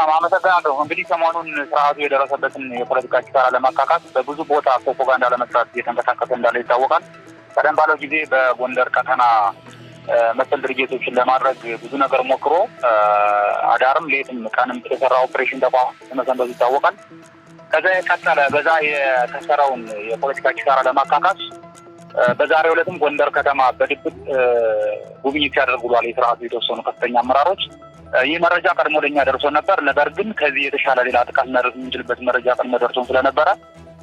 መልካም አመሰግናለሁ። እንግዲህ ሰሞኑን ስርዓቱ የደረሰበትን የፖለቲካ ኪሳራ ለማካካት በብዙ ቦታ ፕሮፓጋንዳ ለመስራት እየተንቀሳቀሰ እንዳለ ይታወቃል። ቀደም ባለው ጊዜ በጎንደር ቀጠና መሰል ድርጅቶችን ለማድረግ ብዙ ነገር ሞክሮ አዳርም ሌትም ቀንም የተሰራ ኦፕሬሽን ተቋም መሰንበቱ ይታወቃል። ከዛ የቀጠለ በዛ የተሰራውን የፖለቲካ ኪሳራ ለማካካት በዛሬው ዕለትም ጎንደር ከተማ በድብቅ ጉብኝት ያደርጉሏል የስርዓቱ የተወሰኑ ከፍተኛ አመራሮች ይህ መረጃ ቀድሞ ለኛ ደርሶ ነበር። ነገር ግን ከዚህ የተሻለ ሌላ ጥቃት መድረስ የምንችልበት መረጃ ቀድሞ ደርሶን ስለነበረ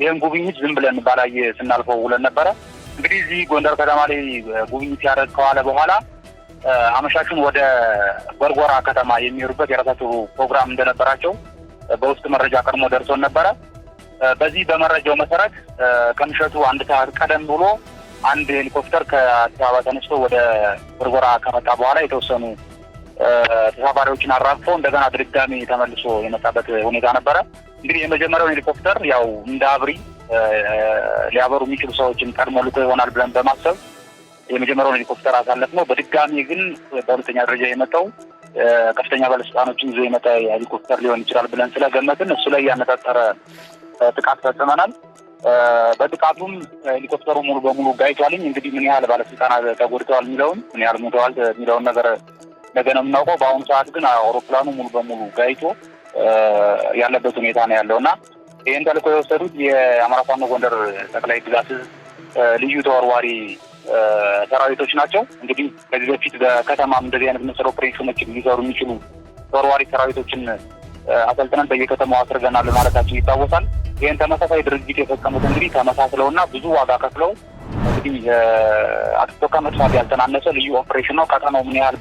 ይህን ጉብኝት ዝም ብለን ባላየ ስናልፈው ውለን ነበረ። እንግዲህ እዚህ ጎንደር ከተማ ላይ ጉብኝት ያደረግ ከዋለ በኋላ አመሻሹን ወደ ጎርጎራ ከተማ የሚሄዱበት የራሳቸው ፕሮግራም እንደነበራቸው በውስጥ መረጃ ቀድሞ ደርሶን ነበረ። በዚህ በመረጃው መሰረት ከምሸቱ አንድ ሰዓት ቀደም ብሎ አንድ ሄሊኮፕተር ከአዲስ አበባ ተነስቶ ወደ ጎርጎራ ከመጣ በኋላ የተወሰኑ ተሳፋሪዎችን አራፎ እንደገና ድጋሚ ተመልሶ የመጣበት ሁኔታ ነበረ። እንግዲህ የመጀመሪያውን ሄሊኮፕተር ያው እንደ አብሪ ሊያበሩ የሚችሉ ሰዎችን ቀድሞ ልኮ ይሆናል ብለን በማሰብ የመጀመሪያውን ሄሊኮፕተር አሳለፍ ነው። በድጋሚ ግን በሁለተኛ ደረጃ የመጣው ከፍተኛ ባለስልጣኖችን ይዞ የመጣ ሄሊኮፕተር ሊሆን ይችላል ብለን ስለገመትን እሱ ላይ ያነጣጠረ ጥቃት ፈጽመናል። በጥቃቱም ሄሊኮፕተሩ ሙሉ በሙሉ ጋይቷልኝ። እንግዲህ ምን ያህል ባለስልጣናት ተጎድተዋል የሚለውን ምን ያህል ሙተዋል የሚለውን ነገር እንደገና የምናውቀው በአሁኑ ሰዓት ግን አውሮፕላኑ ሙሉ በሙሉ ጋይቶ ያለበት ሁኔታ ነው ያለው እና ይህን ተልእኮ የወሰዱት የአማራ ፋኖ ጎንደር ጠቅላይ ግዛት ልዩ ተወርዋሪ ሰራዊቶች ናቸው። እንግዲህ ከዚህ በፊት በከተማም እንደዚህ አይነት መሰል ኦፕሬሽኖች ሊሰሩ የሚችሉ ተወርዋሪ ሰራዊቶችን አሰልጥነን በየከተማው አስርገናል ማለታቸው ይታወሳል። ይህን ተመሳሳይ ድርጊት የፈጸሙት እንግዲህ ተመሳስለውና ብዙ ዋጋ ከፍለው እንግዲህ የአጥፍቶ ጠፊ ከመጥፋት ያልተናነሰ ልዩ ኦፕሬሽን ነው። ቀጠናው ምን ያህል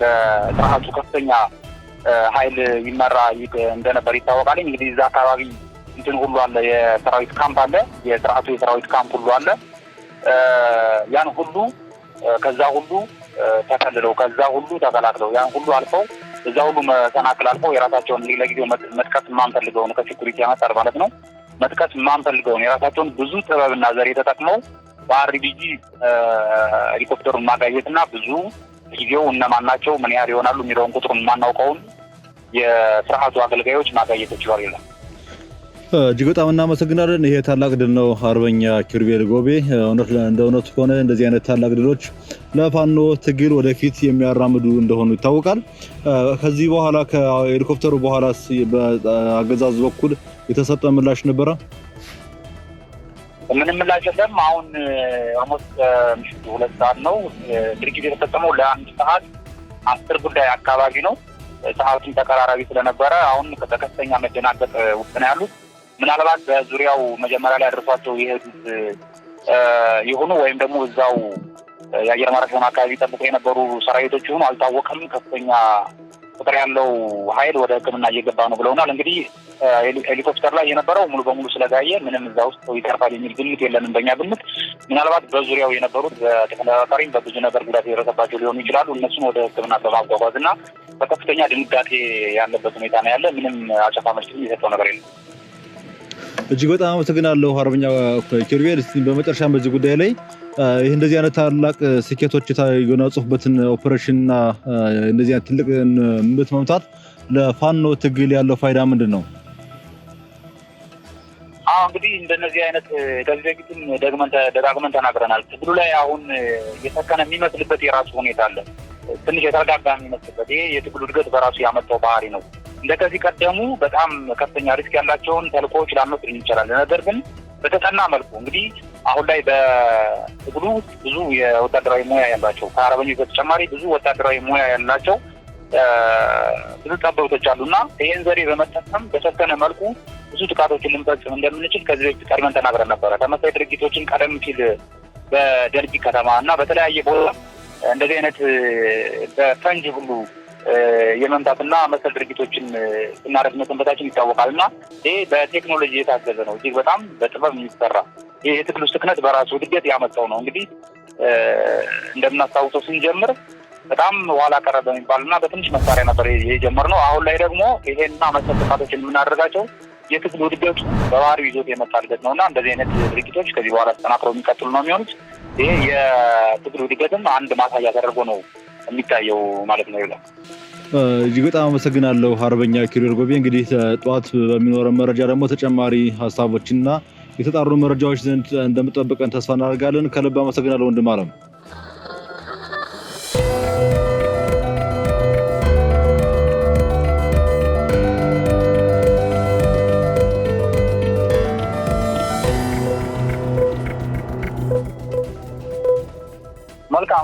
በስርዓቱ ከፍተኛ ኃይል ይመራ እንደነበር ይታወቃል። እንግዲህ እዛ አካባቢ እንትን ሁሉ አለ፣ የሰራዊት ካምፕ አለ፣ የስርዓቱ የሰራዊት ካምፕ ሁሉ አለ። ያን ሁሉ ከዛ ሁሉ ተከልለው ከዛ ሁሉ ተቀላቅለው ያን ሁሉ አልፈው እዛ ሁሉ መሰናክል አልፈው የራሳቸውን ለጊዜው መጥቀስ የማንፈልገውን ከሴኩሪቲ ያመጣል ማለት ነው መጥቀስ የማንፈልገውን የራሳቸውን ብዙ ጥበብና ዘዴ ተጠቅመው በአርቢጂ ሄሊኮፕተሩን ማጋየትና ብዙ ጊዜው እነማን ናቸው ምን ያህል ይሆናሉ የሚለውን ቁጥሩን የማናውቀውን የስርዓቱ አገልጋዮች ማጋየት ይችላል ይላል። እጅግ በጣም እናመሰግናለን። ይሄ ታላቅ ድል ነው። አርበኛ ኪሩቤል ጎቤ፣ እንደ እውነቱ ከሆነ እንደዚህ አይነት ታላቅ ድሎች ለፋኖ ትግል ወደፊት የሚያራምዱ እንደሆኑ ይታወቃል። ከዚህ በኋላ ከሄሊኮፕተሩ በኋላ በአገዛዝ በኩል የተሰጠ ምላሽ ነበረ? ምንም ምላሽ የለም። አሁን ኦልሞስት ምሽቱ ሁለት ሰዓት ነው። ድርጊት የተፈጸመው ለአንድ ሰዓት አስር ጉዳይ አካባቢ ነው። ሰዓቱን ተቀራራቢ ስለነበረ አሁን ከፍተኛ መደናገጥ ውስጥ ነው ያሉት። ምናልባት በዙሪያው መጀመሪያ ላይ አድርሷቸው የሄዱት ይሁኑ ወይም ደግሞ እዛው የአየር ማረፊያውን አካባቢ ጠብቆ የነበሩ ሰራዊቶች ይሁኑ አልታወቀም። ከፍተኛ ቁጥር ያለው ኃይል ወደ ህክምና እየገባ ነው ብለውናል። እንግዲህ ሄሊኮፕተር ላይ የነበረው ሙሉ በሙሉ ስለጋየ ምንም እዛ ውስጥ ይተርፋል የሚል ግምት የለንም። በእኛ ግምት ምናልባት በዙሪያው የነበሩት በተከላካሪም በብዙ ነገር ጉዳት የደረሰባቸው ሊሆኑ ይችላሉ። እነሱን ወደ ህክምና በማጓጓዝ እና በከፍተኛ ድንጋጤ ያለበት ሁኔታ ነው ያለ። ምንም አጨፋ መጭ የሰጠው ነገር የለም። እጅግ በጣም አመሰግናለሁ አርበኛ ኪሩቤል። እስቲ በመጨረሻም በዚህ ጉዳይ ላይ ይህ እንደዚህ አይነት ታላቅ ስኬቶች ኦፕሬሽን ኦፕሬሽንና እንደዚህ አይነት ትልቅ ምት መምታት ለፋኖ ትግል ያለው ፋይዳ ምንድን ነው? እንግዲህ እንደነዚህ አይነት ከዚህ በፊትም ደግመን ደጋግመን ተናግረናል። ትግሉ ላይ አሁን እየሰከነ የሚመስልበት የራሱ ሁኔታ አለ። ትንሽ የተረጋጋ የሚመስልበት ይሄ የትግሉ እድገት በራሱ ያመጣው ባህሪ ነው። እንደ ከዚህ ቀደሙ በጣም ከፍተኛ ሪስክ ያላቸውን ተልእኮዎች ላመቅል እንችላለን። ነገር ግን በተጠና መልኩ እንግዲህ አሁን ላይ በትግሉ ውስጥ ብዙ የወታደራዊ ሙያ ያላቸው ከአረበኞች በተጨማሪ ብዙ ወታደራዊ ሙያ ያላቸው ብዙ ጠበብቶች አሉና ይህን ዘዴ በመጠቀም በሰከነ መልኩ ብዙ ጥቃቶችን ልንፈጽም እንደምንችል ከዚህ በፊት ቀድመን ተናግረን ነበረ። ተመሳሳይ ድርጊቶችን ቀደም ሲል በደርቢ ከተማ እና በተለያየ ቦታ እንደዚህ አይነት በፈንጅ ሁሉ የመምታትና መሰል ድርጊቶችን ስናደርግ መሰንበታችን ይታወቃል እና ይህ በቴክኖሎጂ የታገዘ ነው። እጅግ በጣም በጥበብ የሚሰራ ይህ የትግሉ ስክነት በራሱ እድገት ያመጣው ነው። እንግዲህ እንደምናስታውሰው ስንጀምር በጣም ኋላ ቀረ በሚባል እና በትንሽ መሳሪያ ነበር የጀመርነው። አሁን ላይ ደግሞ ይሄና መሰል ጥቃቶችን የምናደርጋቸው የትግል እድገቱ በባህሪው ይዞት የመጣ እድገት ነው እና እንደዚህ አይነት ድርጊቶች ከዚህ በኋላ ተጠናክረው የሚቀጥሉ ነው የሚሆኑት። ይሄ የትግል እድገትም አንድ ማሳያ ተደርጎ ነው የሚታየው ማለት ነው። ይላል እጅግ በጣም አመሰግናለሁ አርበኛ ኪሪር ጎቤ። እንግዲህ ጠዋት በሚኖረን መረጃ ደግሞ ተጨማሪ ሀሳቦችና የተጣሩ መረጃዎች ዘንድ እንደምጠብቀን ተስፋ እናደርጋለን። ከልብ አመሰግናለሁ ወንድም አለም።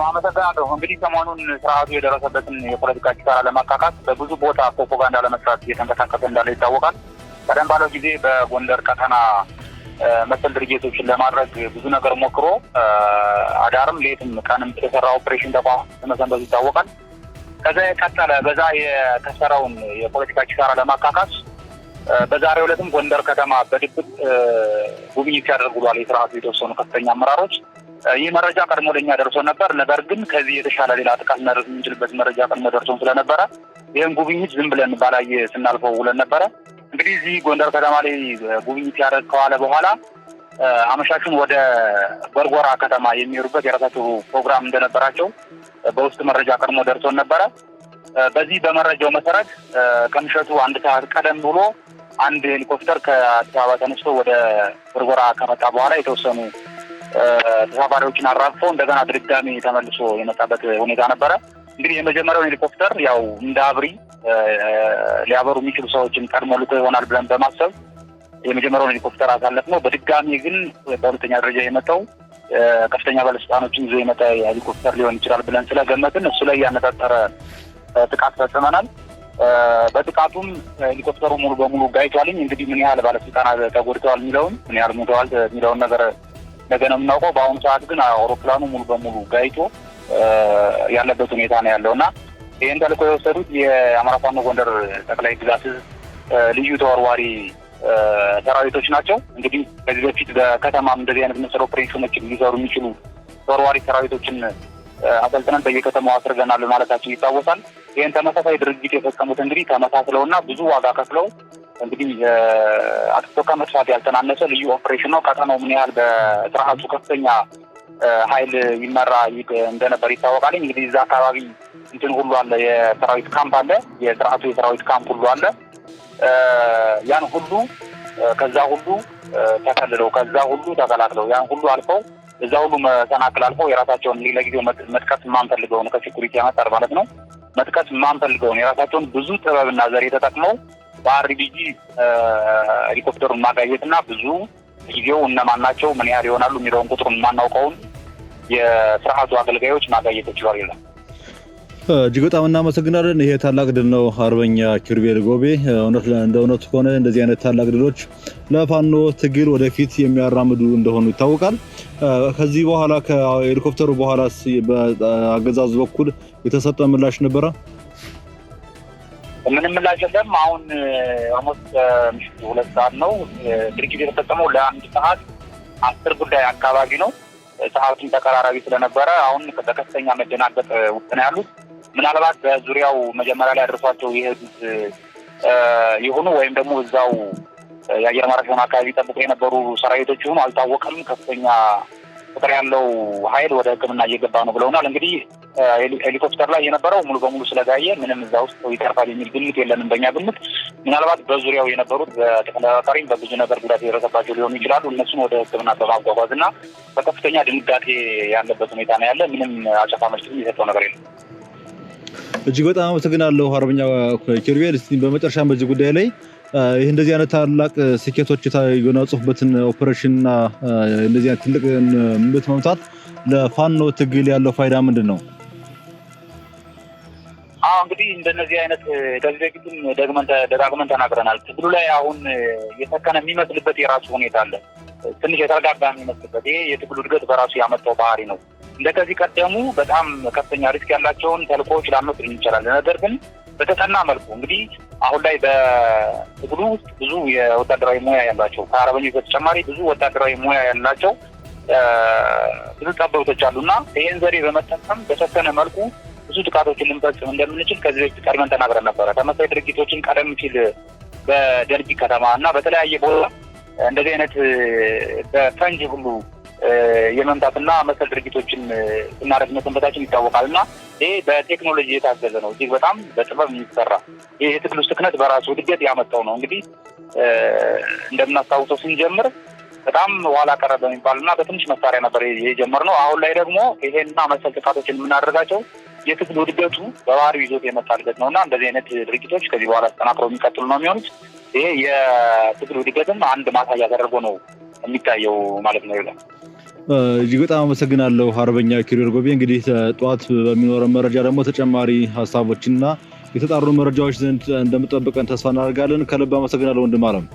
አመሰግናለሁ። እንግዲህ ሰሞኑን ስርዓቱ የደረሰበትን የፖለቲካ ኪሳራ ለማካካት በብዙ ቦታ ፕሮፓጋንዳ ለመስራት እየተንቀሳቀሰ እንዳለ ይታወቃል። ቀደም ባለው ጊዜ በጎንደር ቀጠና መሰል ድርጅቶችን ለማድረግ ብዙ ነገር ሞክሮ አዳርም ሌትም ቀንም የተሰራ ኦፕሬሽን ተቋም መሰንበዙ ይታወቃል። ከዛ የቀጠለ በዛ የተሰራውን የፖለቲካ ኪሳራ ለማካካስ በዛሬው ዕለትም ጎንደር ከተማ በድብቅ ጉብኝት ያደርጉሏል የስርዓቱ የተወሰኑ ከፍተኛ አመራሮች ይህ መረጃ ቀድሞ ለኛ ደርሶ ነበር። ነገር ግን ከዚህ የተሻለ ሌላ ጥቃት መድረስ የምንችልበት መረጃ ቀድሞ ደርሶን ስለነበረ ይህን ጉብኝት ዝም ብለን ባላየ ስናልፈው ውለን ነበረ። እንግዲህ እዚህ ጎንደር ከተማ ላይ ጉብኝት ያደረግ ከዋለ በኋላ አመሻሹን ወደ ጎርጎራ ከተማ የሚሄዱበት የራሳቸው ፕሮግራም እንደነበራቸው በውስጥ መረጃ ቀድሞ ደርሶን ነበረ። በዚህ በመረጃው መሰረት ከምሸቱ አንድ ሰዓት ቀደም ብሎ አንድ ሄሊኮፕተር ከአዲስ አበባ ተነስቶ ወደ ጎርጎራ ከመጣ በኋላ የተወሰኑ ተሳፋሪዎችን አራግፎ እንደገና ድጋሚ ተመልሶ የመጣበት ሁኔታ ነበረ። እንግዲህ የመጀመሪያውን ሄሊኮፕተር ያው እንደ አብሪ ሊያበሩ የሚችሉ ሰዎችን ቀድሞ ልኮ ይሆናል ብለን በማሰብ የመጀመሪያውን ሄሊኮፕተር አሳለፍ ነው። በድጋሚ ግን በሁለተኛ ደረጃ የመጣው ከፍተኛ ባለስልጣኖችን ይዞ የመጣ ሄሊኮፕተር ሊሆን ይችላል ብለን ስለገመትን እሱ ላይ ያነጣጠረ ጥቃት ፈጽመናል። በጥቃቱም ሄሊኮፕተሩ ሙሉ በሙሉ ጋይቷልኝ። እንግዲህ ምን ያህል ባለስልጣናት ተጎድተዋል የሚለውን ምን ያህል ሙተዋል የሚለውን ነገር እንደገና የምናውቀው በአሁኑ ሰዓት ግን አውሮፕላኑ ሙሉ በሙሉ ጋይቶ ያለበት ሁኔታ ነው ያለው እና ይህን ተልእኮ የወሰዱት የአማራ ፋኖ ጎንደር ጠቅላይ ግዛት ልዩ ተወርዋሪ ሰራዊቶች ናቸው። እንግዲህ ከዚህ በፊት በከተማም እንደዚህ አይነት መሰል ኦፕሬሽኖችን ሊሰሩ የሚችሉ ተወርዋሪ ሰራዊቶችን አሰልጥነን በየከተማው አስርገናል ማለታቸው ይታወሳል። ይህን ተመሳሳይ ድርጊት የፈጸሙት እንግዲህ ተመሳስለውና ብዙ ዋጋ ከፍለው እንግዲህ አጥፍቶ ከመጥፋት ያልተናነሰ ልዩ ኦፕሬሽን ነው። ቀጠናው ምን ያህል በስርዓቱ ከፍተኛ ኃይል ይመራ እንደነበር ይታወቃል። እንግዲህ እዛ አካባቢ እንትን ሁሉ አለ፣ የሰራዊት ካምፕ አለ፣ የስርዓቱ የሰራዊት ካምፕ ሁሉ አለ። ያን ሁሉ ከዛ ሁሉ ተከልለው ከዛ ሁሉ ተቀላቅለው ያን ሁሉ አልፈው እዛ ሁሉ መሰናክል አልፈው የራሳቸውን ለጊዜው መጥቀስ የማንፈልገውን ከሴኩሪቲ ያመጣል ማለት ነው መጥቀስ የማንፈልገውን የራሳቸውን ብዙ ጥበብና ዘዴ ተጠቅመው በአርዲጂ ሄሊኮፕተሩን ማጋየትና ብዙ ጊዜው እነማን ናቸው ምን ያህል ይሆናሉ የሚለውን ቁጥሩን የማናውቀውን የስርዓቱ አገልጋዮች ማጋየት ይችላል ይላል። እጅግ በጣም እናመሰግናለን። ይሄ ታላቅ ድል ነው። አርበኛ ኪሩቤል ጎቤ፣ እውነት እንደ እውነቱ ከሆነ እንደዚህ አይነት ታላቅ ድሎች ለፋኖ ትግል ወደፊት የሚያራምዱ እንደሆኑ ይታወቃል። ከዚህ በኋላ ከሄሊኮፕተሩ በኋላ በአገዛዙ በኩል የተሰጠ ምላሽ ነበረ? ምንም ምላሽ የለም። አሁን አሞስ ምሽቱ ሁለት ሰዓት ነው። ድርጊት የተፈጸመው ለአንድ ሰዓት አስር ጉዳይ አካባቢ ነው። ሰዓቱን ተቀራራቢ ስለነበረ አሁን በከፍተኛ መደናገጥ ውስጥ ነው ያሉት። ምናልባት በዙሪያው መጀመሪያ ላይ አድርሷቸው የሄዱት የሆኑ ወይም ደግሞ እዛው የአየር ማረፊያውን አካባቢ ጠብቆ የነበሩ ሰራዊቶች ይሁኑ አልታወቀም። ከፍተኛ ቁጥር ያለው ኃይል ወደ ሕክምና እየገባ ነው ብለውናል እንግዲህ ሄሊኮፕተር ላይ የነበረው ሙሉ በሙሉ ስለጋየ ምንም እዛ ውስጥ ይተርፋል የሚል ግምት የለንም። በእኛ ግምት ምናልባት በዙሪያው የነበሩት በተከላካሪም በብዙ ነገር ጉዳት የደረሰባቸው ሊሆኑ ይችላሉ። እነሱን ወደ ሕክምና በማጓጓዝ እና በከፍተኛ ድንጋጤ ያለበት ሁኔታ ነው ያለ። ምንም አጨፋ መጭትም የሰጠው ነገር የለም። እጅግ በጣም አመሰግናለሁ አርበኛ ኪሩቤል። እስቲ በመጨረሻም በዚህ ጉዳይ ላይ ይህ እንደዚህ አይነት ታላቅ ስኬቶች ኦፕሬሽን ኦፕሬሽንና እንደዚህ አይነት ትልቅ ምት መምታት ለፋኖ ትግል ያለው ፋይዳ ምንድን ነው? አሁ እንግዲህ እንደነዚህ አይነት ከዚህ በፊትም ደግመን ደጋግመን ተናግረናል። ትግሉ ላይ አሁን የተከነ የሚመስልበት የራሱ ሁኔታ አለ። ትንሽ የተረጋጋ የሚመስልበት ይሄ የትግሉ እድገት በራሱ ያመጣው ባህሪ ነው። እንደ ከዚህ ቀደሙ በጣም ከፍተኛ ሪስክ ያላቸውን ተልኮዎች ላንወስድ እንችላለን። ነገር ግን በተጠና መልኩ እንግዲህ አሁን ላይ በትግሉ ውስጥ ብዙ የወታደራዊ ሙያ ያላቸው ከአረበኞች በተጨማሪ ብዙ ወታደራዊ ሙያ ያላቸው ብዙ ጠበብቶች አሉና ይህን ዘዴ በመጠቀም በሰከነ መልኩ ብዙ ጥቃቶችን ልንፈጽም እንደምንችል ከዚህ በፊት ቀድመን ተናግረን ነበረ። ተመሳሳይ ድርጊቶችን ቀደም ሲል በደርቢ ከተማ እና በተለያየ ቦታ እንደዚህ አይነት በፈንጅ ሁሉ የመምታትና መሰል ድርጊቶችን ስናደርግ መሰንበታችን ይታወቃል እና ይህ በቴክኖሎጂ የታገዘ ነው። እዚህ በጣም በጥበብ የሚሰራ ይህ የትግሉ ስክነት በራሱ እድገት ያመጣው ነው። እንግዲህ እንደምናስታውሰው ስንጀምር በጣም ኋላ ቀረ በሚባል እና በትንሽ መሳሪያ ነበር የጀመርነው። አሁን ላይ ደግሞ ይሄና መሰል ጥቃቶችን የምናደርጋቸው የክፍል ውድገቱ በባህሪው ይዞት የመጣ እድገት ነው እና እንደዚህ አይነት ድርጊቶች ከዚህ በኋላ ተጠናክረው የሚቀጥሉ ነው የሚሆኑት። ይሄ የክፍል ውድገትም አንድ ማሳያ ተደርጎ ነው የሚታየው ማለት ነው ይላል። እጅግ በጣም አመሰግናለሁ አርበኛ ኪሪር ጎቤ። እንግዲህ ጠዋት በሚኖረን መረጃ ደግሞ ተጨማሪ ሀሳቦችና የተጣሩ መረጃዎች ዘንድ እንደምጠብቀን ተስፋ እናደርጋለን። ከልብ አመሰግናለሁ ወንድም አለም።